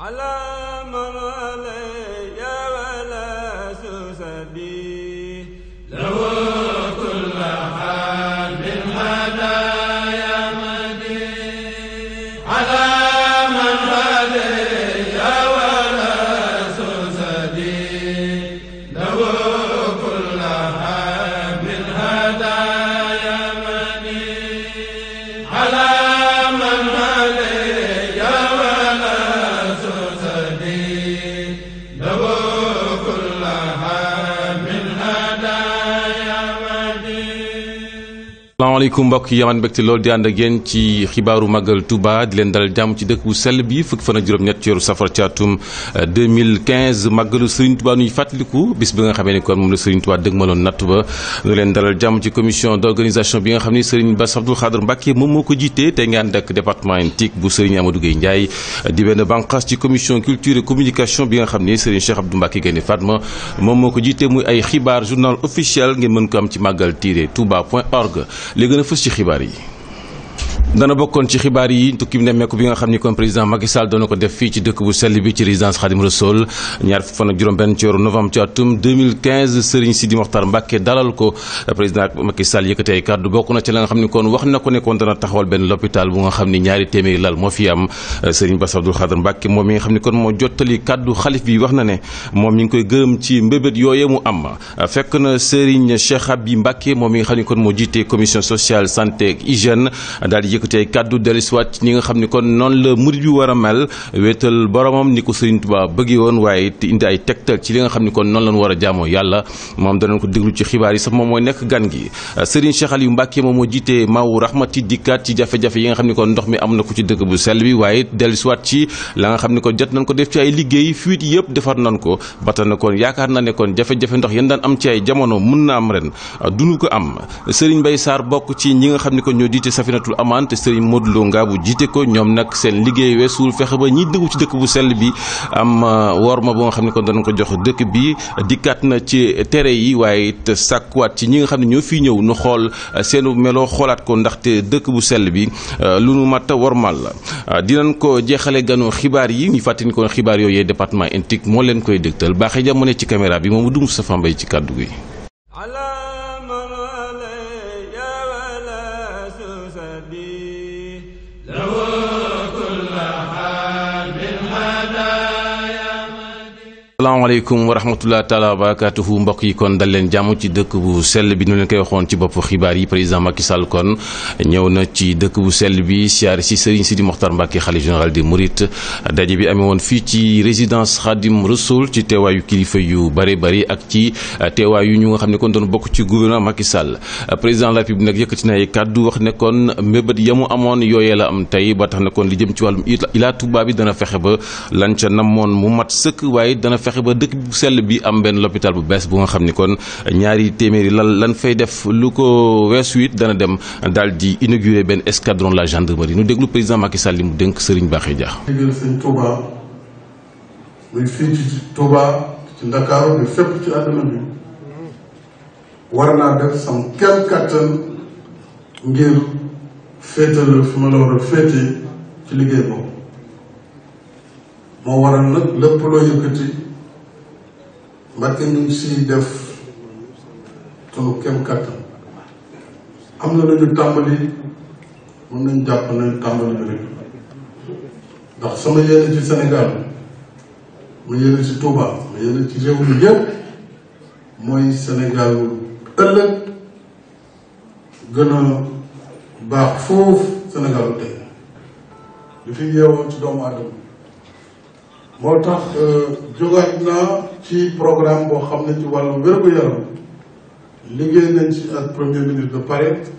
على من عليه asalaamaaleykum mbokk yi yamaan mbégte loolu di ànd ak yéen ci xibaaru màggal Touba di leen dalal jàmm ci dëkk bu sell bi fukki fan ak juróom-ñett ci weeru safar ci atum 2015 euh, nuy fàttaliku bis ba nga xam ni Serigne Bass Abdoul Khadr Mbacké moom moo ko jiitee tey nga ànd ak départementique bu Serigne Amadou Gueye Ndiaye di benn bànqaas ci commission culture et communication bi nga xam ni Serigne Cheikh Abdou Mbacké Gaïndé Fatma moom moo ko jiitee muy ay xibaar journal officiel ngeen gën a fës ci xibaar yi dana bokkoon ci xibaar yi tukki nemmeeku bi nga xam ni kon président Macky Sall doon na ko def fii ci dëkk bu sell bi ci résidence Khadim Rassoul ñaar fukki fan ak juróom-benn ci weeru novembre ci atum 2015 Sidi Mokhtar Mbacké dalal ko président Macky Sall kàddu bokk na ci la nga xam ni kon wax na ko ne kon dana taxawal benn l'hôpital bu nga xam ni ñaari téeméeri lal moo fi am Serigne Bass Abdou Khadre Mbacké moom mi nga xam ni kon moo jottali kàddu xalif bi wax na ne moom ngi koy gërëm ci mbébét yooye mu am fekk na Serigne Cheikh Habib Mbacké moom mi nga xam ni kon moo jiite commission sociale santé yëkkatee kàddu dellusiwaat ci ñi nga xam ni kon noonu la murid bi war a mel wéetal boromam ni ko Sëriñ Tuubaa bëggee woon waaye te indi ay tegtal ci li nga xam ni kon noonu lañu war a jaamoo yàlla moom danañ ko déglu ci xibaar yi sax moom mooy nekk gan gi Sëriñ Cheikh Aliou Mbacke moom moo jiitee Maawu Rahmati dikkaat ci jafe-jafe yi nga xam ni kon ndox mi am na ko ci dëkk bu sell bi waaye dellusiwaat ci la nga xam ni kon jot nañ ko def ci ay liggéey fuite yëpp defar na kon yaakaar na ne na am ren duñu ko am Sëriñ Mbay Sarr bokk ci ñi nga xam ni kon ñoo jiite te sëriñ Modou Lo Ngabou jiite ko ñoom nag seen liggéey weesuwul fexe ba ñiy dëggu ci dëkk bu sell bi am uh, worma bu nga xam ne kon danañ ko jox dëkk bi dikkaat na ci tere yi waaye it sàkkuwaat ci ñi nga xam ne ñoo fii ñëw nu xool uh, seenu meloo xoolaat ko ndaxte dëkk bu sell bi uh, lu nu mat a wormal la dinañ ko jeexale ganu xibaar yi ñu fàttali kon xibaar yooyu département intique moo leen koy dégtal baaxee jamono ci caméra bi moom du Moustapha Mbaye ci kàddu salaamaaleykum wa rahmatulah taalaa wa barakaatuhu mbokk yi kon dal leen jàmm ci dëkk bu sell bi nu leen koy waxoon ci bopp xibaar yi président Macky Sall kon ñëw na ci dëkk bu sell bi siyaare si Serigne Sidi Mokhtar Mbacke xalifa général des Mourides daje bi amee woon fii ci résidence Khadim Rassoul ci teewaayu kilifa yu bare bari ak ci teewaayu ñu nga xam ne kon doon bokk ci gouvernement Macky Sall président de la République nag yëkkati na ay kàddu wax ne kon mébét ya mu amoon yooyee la am tey ba na kon li jëm ci wàllum Ila Touba dana fexe ba lan ca mu mat sëkk fexe ba dëkk bu sell bi am benn l'hôpital bu bees bu nga xam ni kon ñaari téeméeri lan lan fay def lu ko weesu it dana dem daal di inaugurer benn escadron la gendarmerie nu déglu président Macky Sall li mu dénk Serigne Bakhay Dia. déggal sëñ Touba muy war naa def sam kem kattan ngir féetal fi ma la war a féete ci liggéey boobu moo waral nag lépp loo yëkkati Mbàkke ñu ngi def sunu kem kàttan am na lu ñu tàmbali mën nañ jàpp nañ tàmbali bi sama yéene ci Sénégal ma yéene ci Touba ma yéene ci réew mi yëpp mooy Sénégal ëllëg gën a baax foofu Sénégal tey li fi yeewoo ci doomu aadama moo tax euh, jógaat naa ci programme boo xam ne ci wàllu wér-gu-yaram liggéey ci ak premier ministre de Paris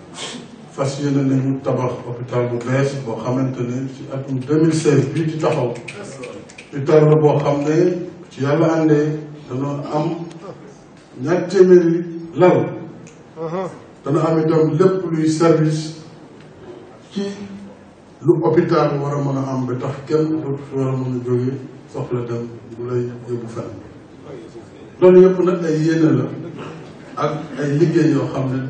fas yéene nañu tabax hôpital bu bees boo xamante ne ci atum 2016 bii di taxaw hôpital la boo xam ne ci yàlla àndee danoo am ñaar téeméeri lal dana am itam lépp luy service ci lu hôpital war a mën a ba tax kenn dootu fi war a mën a soxla dem bu lay yóbbu fenn loolu yëpp nag ay yéene la ak ay liggéey yoo xam ne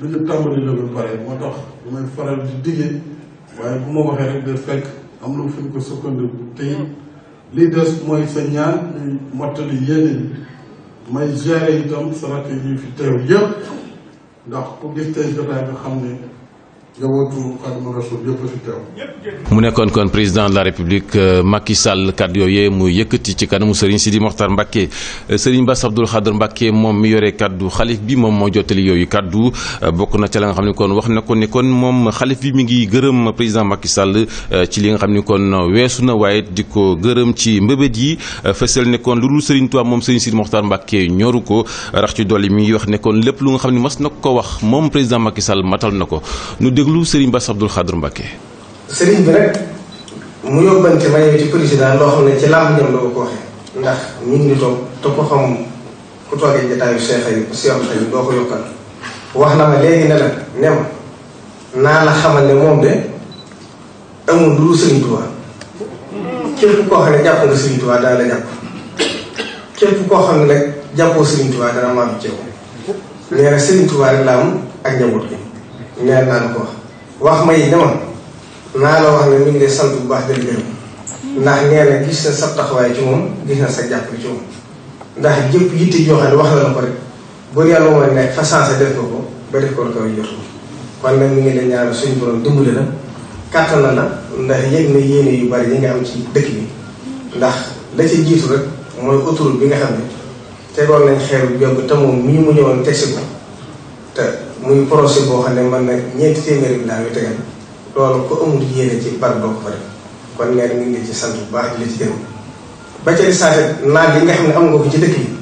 lu ñu tàmbali la lu bare moo tax lu may faral di diggee waaye bu ma waxee rek de fekk am na fu ñu ko sukkandiku tey li des mooy sa ñaan ñuy mottali yéene yi may gérer itam sa rakk yi fi teew yëpp ndax ku gis tey jotaay bi xam ne mu nekkoon kon président de la république euh, Macky Sall kàddu yooyee mu yëkkati ci kanamu Serigne Sidi Mokhtar Mbacke euh, Serigne Bass Abdoul Khadr Mbacke moom mi yore kàddu xalif bi moom moo jottali yooyu kàddu euh, bokk na ca la nga xam ne kon wax na ko ne kon moom xalif bi mi ngi gërëm président Macky Sall ci li nga xam ni kon weesu na waaye di ko gërëm ci mbëbët yi fësal ne kon lu dul Serigne Touba moom si Sidi Mokhtar Mbacke ñoru ko rax ci dolli mi ngi wax ne kon lépp lu nga xam ne mas na ko wax moom président Macky Sall matal na ko déglu Serigne Bass Abdoul Khadr Mbacké. Serigne bi rek mu yóbbante mayee ci président loo xam ne ci làmb ñam la ko waxee ndax ñu ngi toog te ko xam ku toogee jataayu seex yi seex yi doo ko yokkal wax na ma léegi ne la ne ma naa la xamal ne moom de amul lu Serigne Touba képp koo xam ne jàpp nga Serigne Touba dana la jàpp képp koo xam ne nag jàppoo Serigne Touba dana maam ceew nee na Serigne Touba rek ak njaboot bi meer naa ko wax wax ma yi dama naa la wax ne mu ngi lay sant bu baax dëgg gërëm ndax sa taxawaay moom gis na ndax jëpp yitte joo xam ne wax ko rek bu yàlla mooy nekk fa sensé def ko ko ba la koy jotu kon nag mi ngi lay na na yéene yu bari yi nga am ci dëkk bi ndax la ca jiitu rek bi nga xam ne tegoon nañ xeer bu te moom mii mu ñëwoon teg si ko te muy projet boo xam ne man na ñeenti téeméeri bi daal yu tegal loolu ko amul yéene ci barab doo ko fa def kon nee na ñu ngi ci sant bu baax di la ci gërëm ba ca risaate naaj yi nga xam ne am nga ko ci yi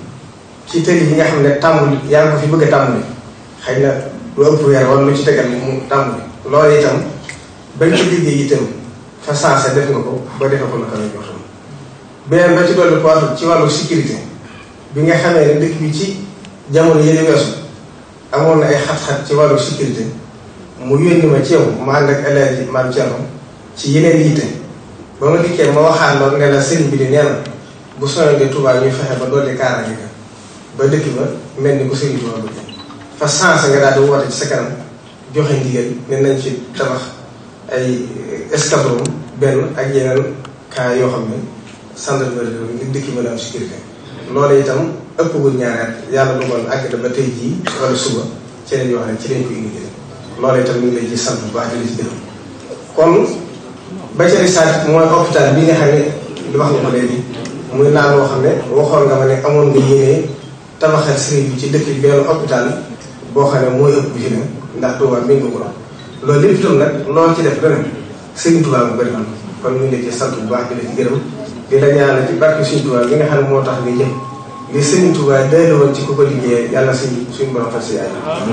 ci tëli yi nga xam ne tàmbali yaa ngi ko fi bëgg a tàmbali xëy na du ëpp weer wala lu ci tegal mu tàmbali loolu itam bañ ci liggéey fa saasa def nga ko ba defe ko naka la ñu xam beneen ba ci dolli ko ci wàllu sécurité bi nga xamee ne dëkk bi ci jamono yële weesu amoon na ay xat-xat ci wàllu sécurité mu yónni ma ma ànd ak El Hadj Maam ci yeneen yitte ba bi di nee na bu soobee de Touba fexe ba dolli kaaraange ga ba dëkk ba mel ni ko sëriñ Touba bëgg fa sens nga daal di woote ci sa kanam joxe ndigal ne nañ ci tabax ay escadron benn ak yeneen cas yoo xam ne gendarmerie ngir dëkk mën a am sécurité. loolu itam ëpp gu ñaareel yàlla dugal àgg ba tey jii wala suba ci lañ yoo xam ne ci lañ koy indi loolu itam ñu ngi lay sant bu baax di kon ba ca risaat mooy hôpital bi nga xam ne li wax nga ko léegi muy naan loo xam ne waxoon nga ma ne amoon nga yéene tabaxal sëriñ bi ci dëkk bi benn hôpital boo xam ne mooy ëpp bi ci ndax Tuubaa mi ngi ko loolu lépp itam nag loo ci def dana sëriñ Tuubaa ba bëri am kon ñu ngi la ci sant bu baax di la ci gërëm di la ñaanal ci barke Sëriñ Tuubaa bi nga xam ne moo tax nga jëm. li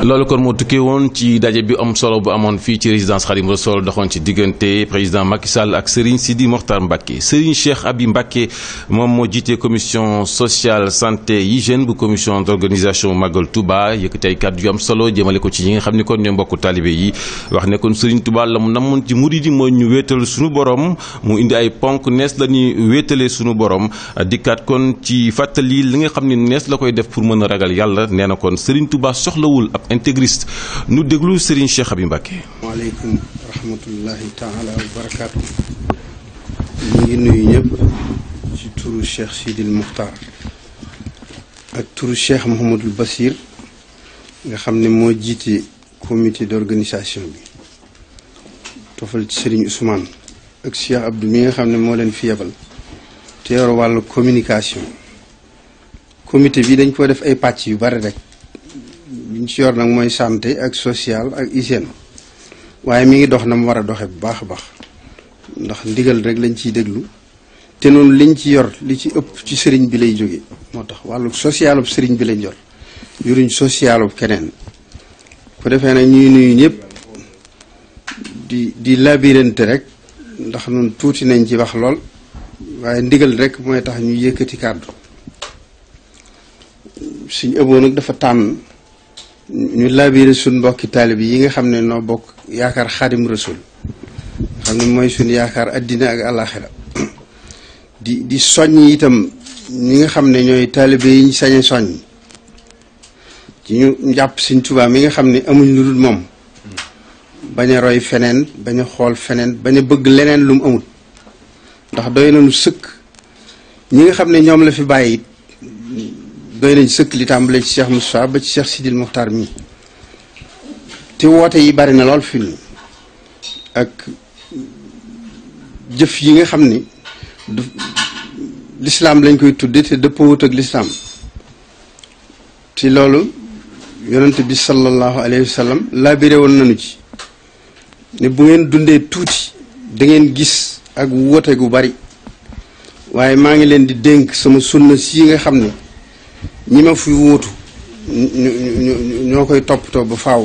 loolu kon moo tukkee woon ci daje bi am solo bu amoon fii ci résidence Xaadimu Rasuul doxoon ci diggante président Macky Sall ak Serigne Sidi Mokhtar Mbacke Serigne Cheikh Abi Mbacke moom moo jiite commission sociale santé hygiène bu commission d' organisation Magal Touba yëkkati tey kàddu yu am solo jëmale ko ci ñi nga xam ni kon ñoo mbokku taalibe yi wax ne kon Serigne Touba la mu namoon ci murid yi mooy ñu wéetal suñu borom mu indi ay ponk nees lañuy ñuy wéetalee suñu borom nga xam ne nees la koy def mën a ragal yàlla nee na kon Serigne Touba soxlawul ab intégriste nu déglu Serigne Cheikh Abi Mbacké. waaleykum rahmatullahi taala wa barakaatu. ñu ngi nuyu ñëpp ci turu Cheikh Sidil Muxtaar ak turu Cheikh Mouhamadul Basir nga xam ni moo jiite comité d'organisation bi tofal ci Serigne Ousmane ak Cheikh Abdou mi nga xam ne moo leen fi yebal te comité bi dañ koo def ay pàcc yu bari rek liñ ci yor nag mooy santé ak social ak hygiène waaye mi ngi dox na mu war a doxe bu baax a baax ndax ndigal rek lañ ciy déglu te noonu liñ ci yor li ci ëpp ci sëriñ bi lay jóge moo tax wàllu socialub sëriñ bi lañ yor yuruñ socialub keneen ko defee nag ñuy nuyu ñëpp di di labirante rek ndax noonu tuuti nañ ci wax lool waaye ndigal rek mooy tax ñu yëkkati kàddu suñ ëboo nag dafa tànn ñu labiré suñ mbokki taalib yi nga xam ne noo bokk yaakaar xaadim rasul xam ne mooy suñ yaakaar addina ak àllaaxira di di soññ itam ñi nga xam ne ñooy taalibe yi ñu sañe soññ ci ñu njàpp suñ Tuubaa mi nga xam ne amuñ lu dul moom bañ a roy feneen bañ a xool feneen bañ a bëgg leneen lu mu amul ndax doy nañu sëkk ñi nga xam ne ñoom la fi bàyyi doy nañ sëkk li tàmbalee ci Cheikh Moustapha ba ci Cheikh Sidil Muxtaar mi te woote yi bari na lool fi ak jëf yi nga xam ni lislaam lañ koy tudde te dëppoowut ak lislaam ci loolu yonent bi sallallahu alayhi wa sallam laabire woon nañu ci ne bu ngeen dundee tuuti dangeen gis ak woote gu bari waaye maa ngi leen di dénk sama sunna si nga xam ne ñi ma fi wóotu ñoo koy toppatoo ba faaw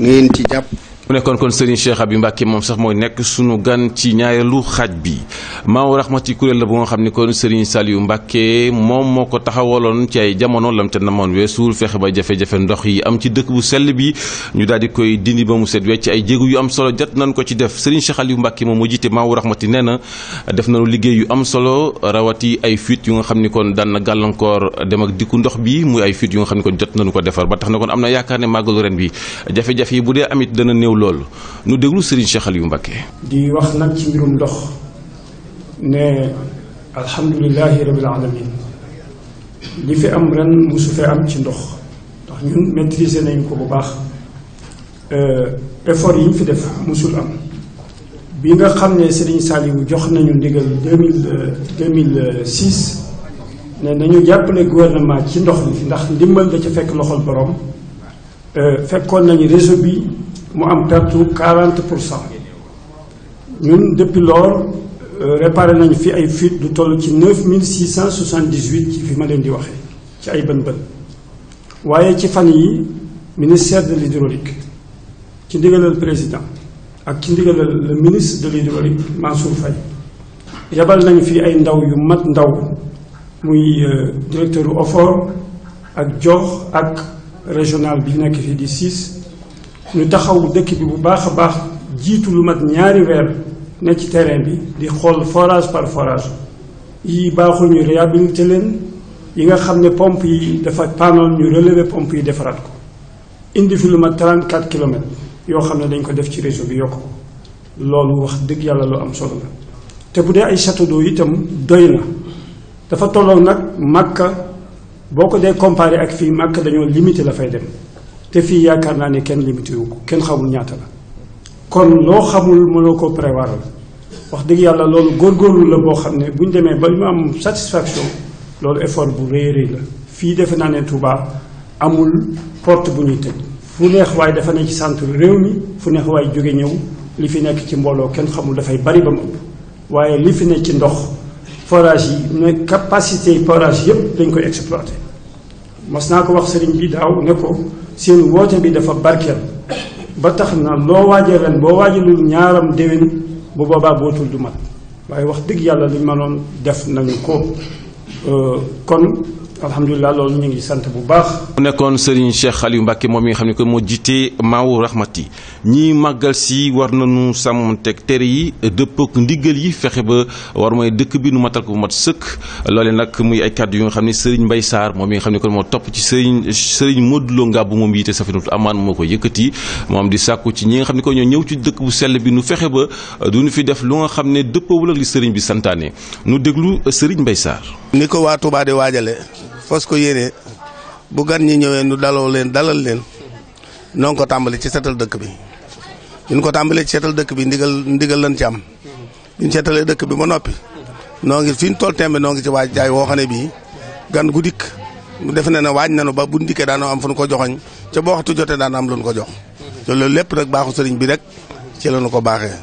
ngeen ci jàpp mu nekkoon kon Serigne Cheikh Abi Mbacke moom sax mooy nekk sunu gan ci ñaareelu xaaj bi maamu raxmati kuréel la bu nga xam ni kon Serigne yu Mbacke moom moo ko taxawaloon ci ay jamono lam te namoon weesul fexe ba jafe-jafe ndox yi am ci dëkk bu sell bi ñu daal di koy dindi ba mu set wecc ay jéego yu am solo jot nañ ko ci def Serigne Cheikh Aliou Mbacke moom moo jiite maamu raxmati nee na def nañu liggéey yu am solo rawati ay fuite yu nga xam ni kon daan na gàllankoor dem ak dikku ndox bi muy ay fuite xam ni jot nañu ko defar ba tax na kon am na yaakaar ne màggalu ren bi loolu nu déglu Serigne Cheikh yu Mbacké di wax nag ci mbirum ndox ne alhamdulilahi rabil alamin li fi am ren mosu fee am ci ndox ndax ñun maîtriser nañ ko bu baax euh, effort yi fi def musul am bi nga xam ne Serigne Saliou jox nañu ndigal deux mille euh, deux mille euh, six ne nañu jàppale gouvernement ci ndox mi ndax ndimbal da ca fekk loxol borom fekkoon nañu réseau bi mu am perte quarante pour cent ñun depuis lors euh, réparé nañu fi ay fuite du toll ci 9678 ci fi ma leen di waxee ci ay bën-bën waaye ci fan yi ministère de l'hydraulique ci ndigalal président ak ci ndigalal le ministre de l'hydraulique Mansour Faye yabal nañu fi ay ndaw yu mat ndaw muy euh, directeur OFOR ak jox ak régional bi nekk fii di 6 ñu taxaw dëkk bi bu baax a baax jiitu lu mat ñaari weer ne ci terrain bi di xool forage par forage yi baaxul ñu réhabilité leen yi nga xam ne pompe yi dafa paanoon ñu relever pompe yi defaraat ko indi fi lu mat 34 kilomètres yoo xam ne dañ ko def ci réseau bi yokk loolu wax dëgg yàlla lu am solo la te bu dee ay château itam doy na dafa tolloog nag màkka boo ko dee comparé ak fii màkk dañoo limité la fay dem te fii yaakaar naa ne kenn limité wu ko kenn xamul ñaata la kon loo xamul mënoo ko prévoir wax dëgg yàlla loolu góorgóorlu la boo xam ne bu ñu demee ba mu am satisfaction loolu effort bu rëy rëy la fii defe naa ne Touba amul porte bu ñuy tëj fu neex waaye dafa ne ci centre réew mi fu neex waaye jóge ñëw li fi nekk ci mbooloo kenn xamul dafay bari ba mu waaye li fi ne ci ndox forage yi ne capacité forage yépp dañ koy exploité mas naa ko wax sëriñ bi daaw ne ko seen woote bi dafa barkeel ba tax na loo waaje ren boo waajalul ñaaram déwén bu boobaa bootul du mat waaye wax dëgg yàlla li ma noon def nañu ko euh, kon alhamdulilah loolu ñu ngi sant bu baax. mu nekkoon Serigne Cheikh Xaliou Mbacke moom mi nga xam ne que moo jiite Maawu Rahmati ñii màggal si war na nu sàmmanteeg tere yi dëpp ak ndigal yi fexe ba war mooy dëkk bi nu matal ko mat sëkk loole nag muy ay kàddu yu nga xam ne Serigne mbay saar moom mi nga xam ne que moo topp ci Serigne Serigne Modou Lo Ngabou moom yiite Safinatul Amaan moo ko yëkkati moom di sàkku ci ñi nga xam ne que ñoo ñëw ci dëkk bu sell bi nu fexe ba du ñu fi def lu nga xam ne dëppoowul ak li Serigne bi santaane nu déglu Serigne mbay Sarr. fas ko yéene bu gan ñi ñëwee nu daloo leen dalal leen noo ngi ko tàmbali ci setal dëkk bi ñu ko tàmbalee ci setal dëkk bi ndigal ndigal lan ci am ñu seetalee dëkk bi ba noppi noo ngi fi ñu toll tembe noo ngi ci waaj jaay woo xam gan gu dikk mu na ne waaj nanu ba bu ndikkee daanoo am fu nu ko joxoñ ca boo waxtu jotee daan am lu nu ko jox te loolu lépp nag baaxu sëriñ bi rek ci la nu ko baaxee.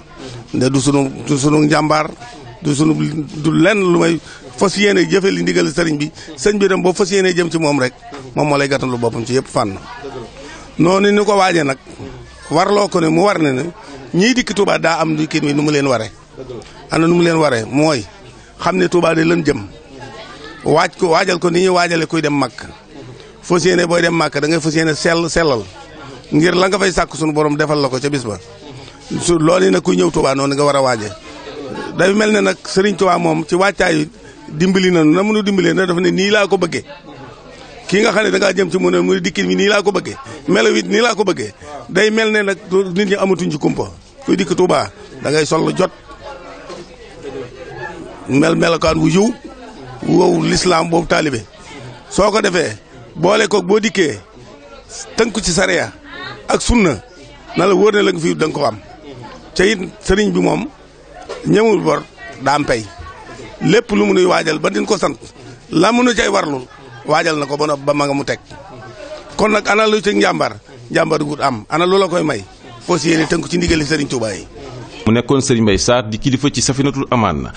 nde du sunu du sunu njàmbaar du lenn lu may fas yéene jëfe li ndigal sëriñ bi sëñ bi dem boo fas yéene jëm ci moom rek moom moo lay gàttan lu boppam ci yëpp fànn noonu ni ko waaje nag warloo ko ne mu war ne ne ñii dikki Touba daa am dikkin wi nu mu leen waree ana nu leen waree mooy xam ne Touba de lan jëm waaj ko waajal ko ni ñuy waajale kuy dem màkk fas yéene booy dem màkk da ngay fas yéene sell sellal ngir la nga fay sàkk suñu borom defal la ko ca bis ba su loolu nag kuy ñëw Touba noonu nga war a waaje day mel ne nag Serigne Touba moom ci wàccaay dimbali nanu na mënu dimbalee na dafa ne nii laa ko bëggee kii nga xam ne da ngaa jëm ci mu ne mu dikkin bi nii laa ko bëggee melo it nii laa ko bëggee day mel ne nag nit ñi amatuñ ci kumpa kuy dikk Tuubaa da ngay jot mel melokaan wu yiw wow lislaam boobu taalibe soo ko defee boole ko boo dikkee tënku ci sariya ak sunna na la wóor ne la nga fi da am te it sëriñ bi moom ñëwul bor daam pay lépp lu mu nuy waajal ba ko sant la mu nu cay warlul waajal na ko ba ba ma mu teg kon nag ana lu ci njàmbar njàmbar gut am ana lu la koy may foo si yéene tënk ci ndigali Serigne Touba mu nekkoon Serigne Mbaye Sarr di kilifa ci safinatul amaan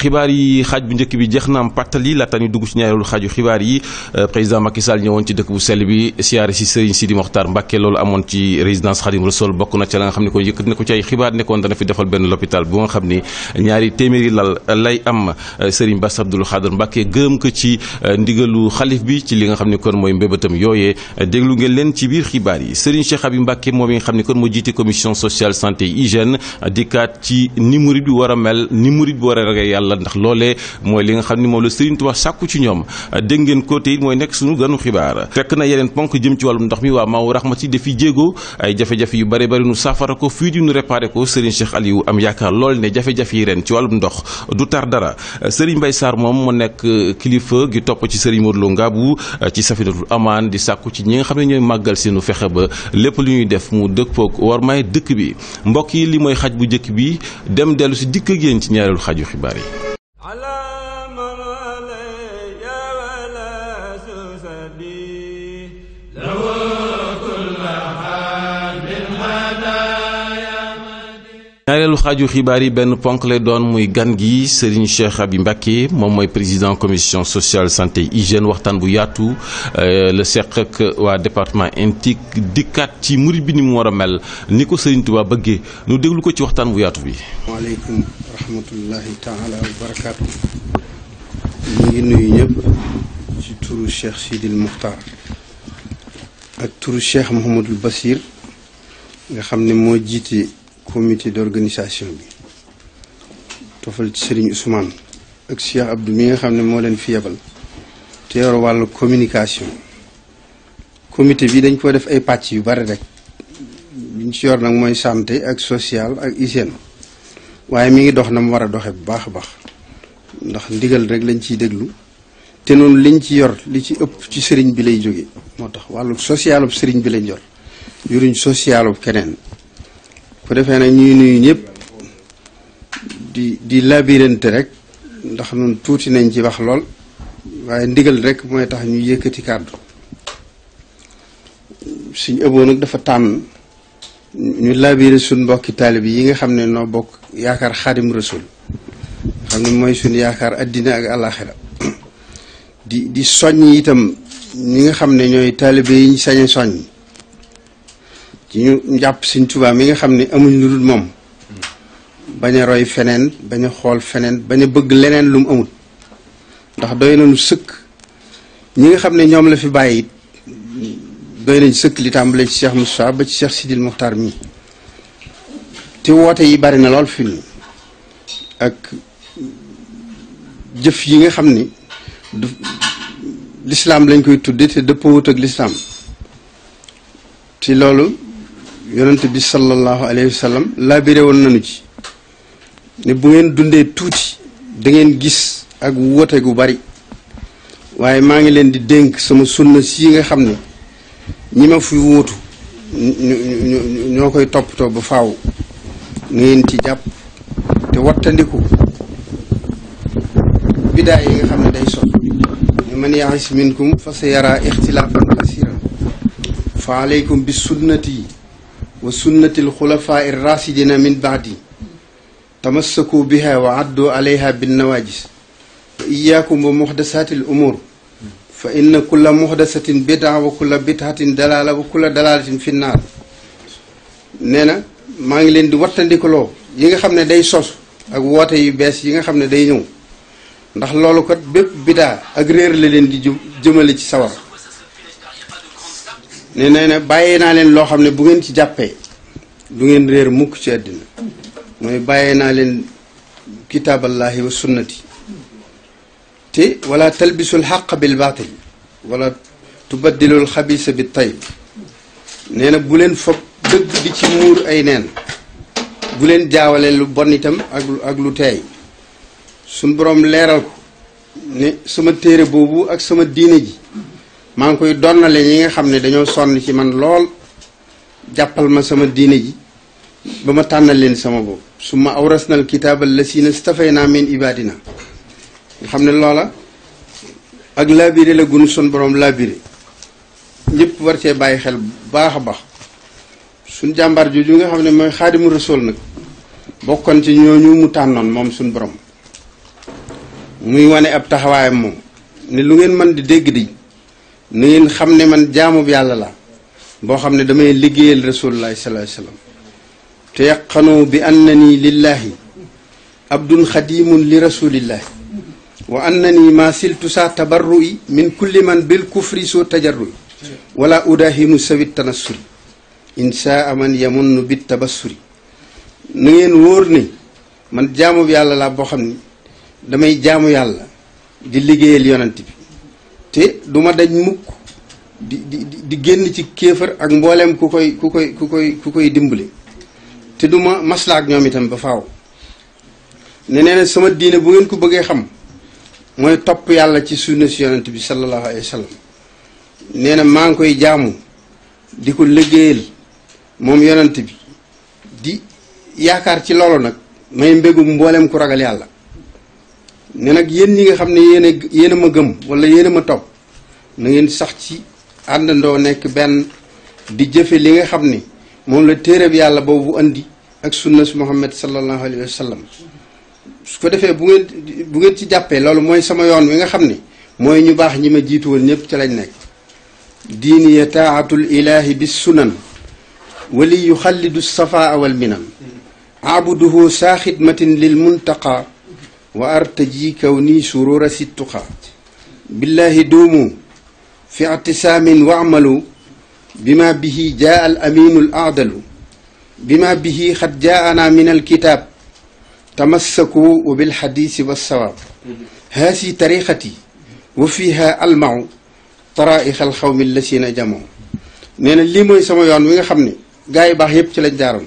xibaar yi xaaj bu njëkk bi jeex na am pàttali laata ñu dugg ci ñaareelu xaaju xibaar yi euh, président Macky Sall ñëwoon ci dëkk bu sell bi siyaare si Serigne Sidi Mokhtar Mbacke loolu amoon ci résidence Khadim Rassoul bokk na ca la nga xam ne ko yëkkati na ko ci ay xibaar nekkoon dana fi defal benn l'hôpital bu nga xam ni ñaari téeméeri lal lay am euh, Serigne Bass Abdoul Khadr Mbacke gërëm ko ci euh, ndigalu xalif bi ci li nga xam ne kon mooy mbébatam yooyee déglu ngeen leen ci biir xibaar yi Serigne Cheikh Habib moom mi nga xam ne kon moo jiite commission dikkaat ci ni murit bi war a mel ni murit bi war a ragal yàlla ndax loolee mooy li nga xam ni moom la Serigne Touba sàkku ci ñoom dégg ngeen côté it mooy nekk suñu ganu xibaar fekk na yeneen ponk jëm ci wàllum ndox mi waa ma Rahmati dafi jéego ay jafe-jafe yu bari bari nu saafara ko fii di nu réparé ko Serigne Cheikh Aliou am yaakaar lool ne jafe-jafe yi ren ci wàllu ndox du tar dara Serigne bay Sarr moom mu nekk euh, kilifa gi topp ci Serigne Modou Lo Ngabou euh, ci Safinatul Amaan di sàkku ci ñi nga xam ne ñooy màggal seenu fexe ba lépp lu ñuy def mu dëkk bu jëkk bi dem dellu si dikk ak yéen ci ñaareelu xaju xibaar yi. ñaareelu xaaju xibaar yi benn ponk lay doon muy gan gi Serigne Cheikh Abi Mbacké moom mooy président commission sociale santé hygiène waxtaan bu yaatu euh, la seq ak waa département intik dikkaat ci murid bi ni mu war a mel ni ko Serigne Touba bëgge nu déglu ko ci waxtaan bu yaatu bi. waaleykum rahmatullahi taala ngi nuyu ñëpp ci turu Cheikh Sidil Muxtaar ak turu Cheikh Mouhamadul Basir nga xam ne moo jiite. comité d'organisation bi tofal ci Serigne Ousmane ak Cheikh Abdou mi nga xam ne moo leen fi yebal te yor wàllu communication comité bi dañ ko def ay pàcc yu bari rek luñ ci yor nag mooy santé ak social ak hygiène waaye mi ngi dox na mu war a doxe bu baax a baax ndax ndigal rek lañ ciy déglu te noonu liñ ci yor li ci ëpp ci sëriñ bi lay jóge moo tax wàllu socialub sëriñ bi lañ jor yuruñ socialub keneen ko defee nag ñuy nuyu ñëpp di di labirante rek ndax nun tuuti nañ ci wax lool waaye ndigal rek mooy tax ñu yëkkati kàddu suñ ëboo nag dafa tànn ñu labiré suñ mbokki taalib yi nga xam ne noo bokk yaakaar xaadim rasul xam ne mooy suñ yaakaar àddina ak àllaaxira di di soñ itam ñi nga xam ne ñooy taalibe yi ñu sañ a ci ñu jàpp Sëñ Tuubaa mi nga xam ni amuñ lu dul moom bañ a roy feneen bañ a xool feneen bañ a bëgg leneen lu mu amut ndax doy nañu sëkk ñi nga xam ne ñoom la fi bàyyi it doy nañ sëkk li tàmbalee ci Cheikh Moussa ba ci seex Sidil Mokhtar mi te woote yi bari na lool fi nii ak jëf yi nga xam ni lislaam lañ koy tudde te dëppoowut ak lislaam ci loolu yonent bi sallallahu alayhi wa sallam laabire woon nañu ci ne bu ngeen dundee tuuti da gis ak woote gu bari waaye maa ngi leen di dénk sama sunna yi nga xam ne ñi ma fi wóotu ñoo koy toppatoo ba faaw ngeen ci jàpp te wattandiku bidaa yi nga xam ne day sot ñu man yaxis minkum fa sa yara ixtilaafan kasiran fa bi sunnati wa sunnati alxulafaa irrasidina min baadi tamassaku biha wa addu alayha binnawaajis wa iyaakum wa muxdasaati al umuur fa inna kulla muxdasatin bidaa wa kulla bidaatin dalaala wa kulla dalaalatin fi naar na maa ngi leen di wattandikuloo yi nga xam ne day sos ak woote yu bees yi nga xam ne day ñëw ndax loolu kat bépp bidaa ak réer la leen di jëmale ci sawar ne nee na bàyyee naa leen loo xam ne bu ngeen ci jàppee lu ngeen réer mukk ci àddina mooy bàyyee naa leen kitaaballahi wa sunnati te wala talbisul xaq bil baatil wala tubaddilul xabisa bi tayib nee na bu leen foog dëgg di ci muur ay neen bu leen jaawale lu bon itam ak ak lu teey suñ boroom leeral ko ne sama téere boobu ak sama diine ji maa ngi koy donnale ñi nga xam ne dañoo sonn ci man lool jàppal ma sama diine ji ba ma tànnal leen sama bopp summa awrasna al kitaaba lasina naa min ibadina nga xam ne loola ak labiré la gunu sun borom labiré ñëpp war cee bàyyi xel baax a baax suñ jàmbaar jooju nga xam ne mooy xaadimu rasool nag bokkoon ci ñooñu mu tànnoon moom suñ borom muy wane ab taxawaayam moom ne lu ngeen mën di dégg di na xam ne man jaamub yàlla la boo xam ne damay liggéeyal rasulullahi sallallahu alayhi wasallam te yaqanu bi annani lillahi abdun xadimun li rasulillahi wa annani ma siltu sa tabarru'i min kulli man bil kufri soo tajarru'i wala udahimu sawit tanassuri insha man yamunnu bit tabassuri na ngeen wóor ne man jaamub yàlla la boo xam ne damay jaamu yàlla di liggéeyal yonent bi te du ma daj mukk di di di génn ci kéefar ak mbooleem ku koy ku koy ku koy ku koy dimbali te du ma maslaak ñoom itam ba faaw ne nee na sama diine bu ngeen ko bëggee xam mooy topp yàlla ci sunna si bi sallallahu alayhi wa sallam nee na maa ngi koy jaamu di ko liggéeyal moom yonent bi di yaakaar ci loolu nag may mbégum mbooleem ku ragal yàlla ne nag yéen ñi nga xam ne yéen yéen ma gëm wala yéen ma topp na ngeen sax ci àndandoo nekk benn di jëfe li nga xam ni moom la téereb yàlla boobu indi ak sunna su Muhammad sallallahu alayhi wa su ko defee bu ngeen bu ngeen ci jàppee loolu mooy sama yoon wi nga xam ni mooy ñu baax ñi ma jiituwoon ñëpp ca lañ nekk diini ya taatul ilaahi bi sunan wali yu xallidu safaa wal minan abuduhu saa xidmatin lil muntaqa wa artaji kawni surura si tuqa billahi duumu fi ictisaamin waamalu bima bihi jaa al aminu l aadalu bima bihi xad jaana min alkitaab tamassaku wa bilxadisi walsawaab haasi tariqati wa fiha almau taraaix alxawmi nee na li mooy sama yoon wi nga xam ni gaa yi baax yépp ci lañ jaaroon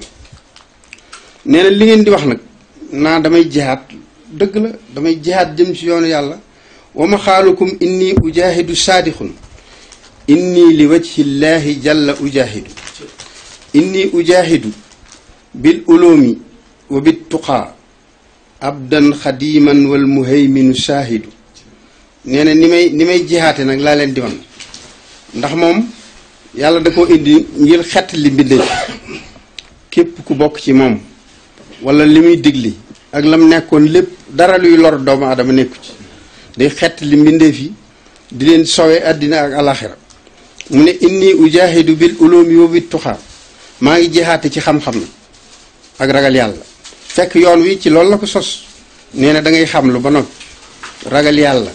nee na li ngeen di wax nag naa damay jihaat dëgg la damay jihaad jëm ci yoonu yàlla wa ma xaalukum inni ujahidu saadixun inni li wajhi llahi jalla ujahidu inni ujahidu bil uloomi wa bit tuqaa abdan xadiman wal muhayminu saahidu nee na ni may ni may jihaate nag laa leen di wan ndax moom yàlla da koo indi ngir xett li mbindee képp ku bokk ci moom wala li muy digli ak lam nekkoon lépp dara luy lor doomu aadama nekku ci di xett li mbindeef yi di leen sowe àddina ak alaxira mu ne indi ujahidu bil ulumi wa bit tuxaa maa ngi jeexaate ci xam-xam na ak ragal yàlla fekk yoon wi ci loolu la ko sos nee na dangay xam lu ba noppi ragal yàlla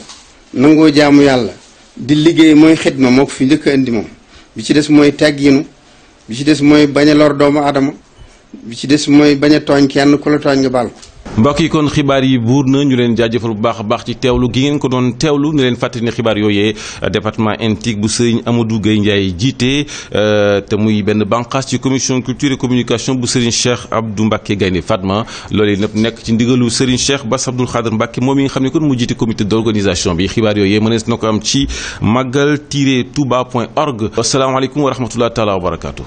nangoo jaamu yàlla di liggéey mooy xidma moo ko fi njëkk a indi moom bi ci des mooy tegginu bi ci des mooy bañ a lor doomu aadama bi ci des mooy bañ a tooñ kenn ku la tooñ nga baal ko mbokk yi kon xibaar yi buur na ñu leen jaajëfal bu baax a baax ci teewlu gi ngeen ko doon teewlu ñu leen fàttali ne xibaar yooyee euh, département intique bu Serigne Amadou Gueye Ndiaye jiite euh, te muy benn bànqaas ci commission culture et communication bu Serigne Cheikh Abdou Mbacke Gaynde Fatma loolee nëpp nekk ci ndigalu Serigne Cheikh Bass Abdoul Khadr Mbacke moom mi nga xam ne kon mu jiite comité d'organisation bi xibaar yooyee mënees na ko am ci magal-touba.org asalaamaaleykum wa rahmatulah taalaa wa barakaatu.